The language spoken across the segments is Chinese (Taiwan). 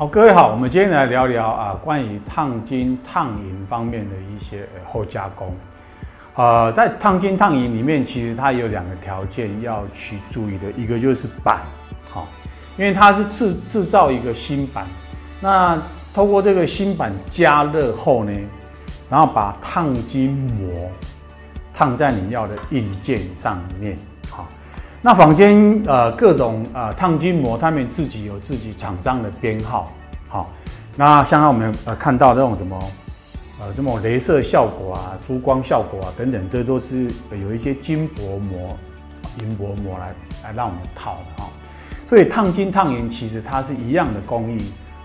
好，各位好，我們今天來聊聊啊，關於燙金、燙銀方面的一些後加工。呃，在燙金、燙銀裡面，其實它有兩個條件要去注意的，一個就是板，好、哦，因為它是制製造一個鋅版，那透過這個鋅版加熱後呢，然後把燙金膜燙在你要的硬件上面，好、哦。那房間呃各種呃燙金膜，他們自己有自己廠商的編號，好、哦，那像我們呃看到這種什麼，呃這種鐳射效果啊、珠光效果啊等等，這都是有一些金箔膜、銀箔膜來來讓我們套的哈，所以燙金、燙銀其實它是一樣的工藝，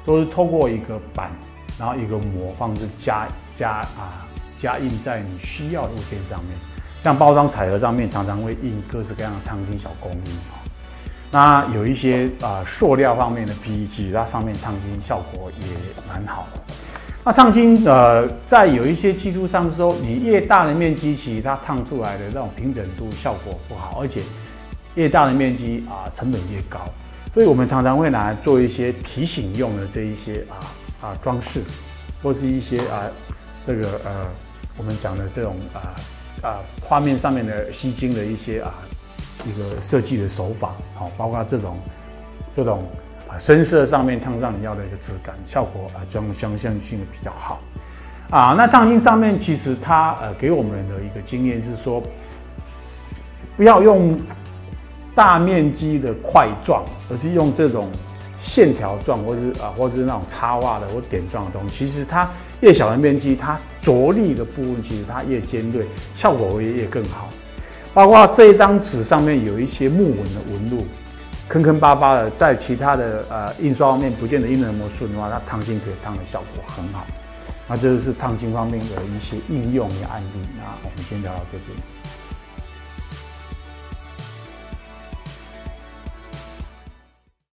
都是透過一個版，然後一個膜放置加加啊加印在你需要的物件上面。像包裝彩盒上面常常會印各式各樣的燙金小工藝啊，那有一些啊、呃、塑料方面的 PE 它上面燙金效果也蠻好的。那燙金呃，在有一些基礎上的時候，你越大的面積，其實它燙出來的那種平整度效果不好，而且越大的面積啊、呃，成本越高。所以我們常常會拿來做一些提醒用的這一些、呃、啊啊裝飾，或是一些啊、呃、這個呃我們講的這種啊。呃啊、呃，畫面上面的吸睛的一些啊，一個設計的手法，好、哦，包括這種這種啊，深色上面燙上你要的一個質感效果啊，種、呃、相像，像性的比較好。啊，那燙金上面其實它呃給我們的一個經驗是說，不要用大面積的塊狀，而是用這種線條狀，或是啊，或是那種插畫的或點狀的東西，其實它。越小的面積，它着力的部分，其實它越尖銳，效果也越更好。包括這一張紙上面有一些木紋的紋路，坑坑巴巴的，在其他的呃印刷方面不見得印得那麼順的話，它燙金可以燙的效果很好。那這是燙金方面的一些應用的案例。那我們先聊到這邊。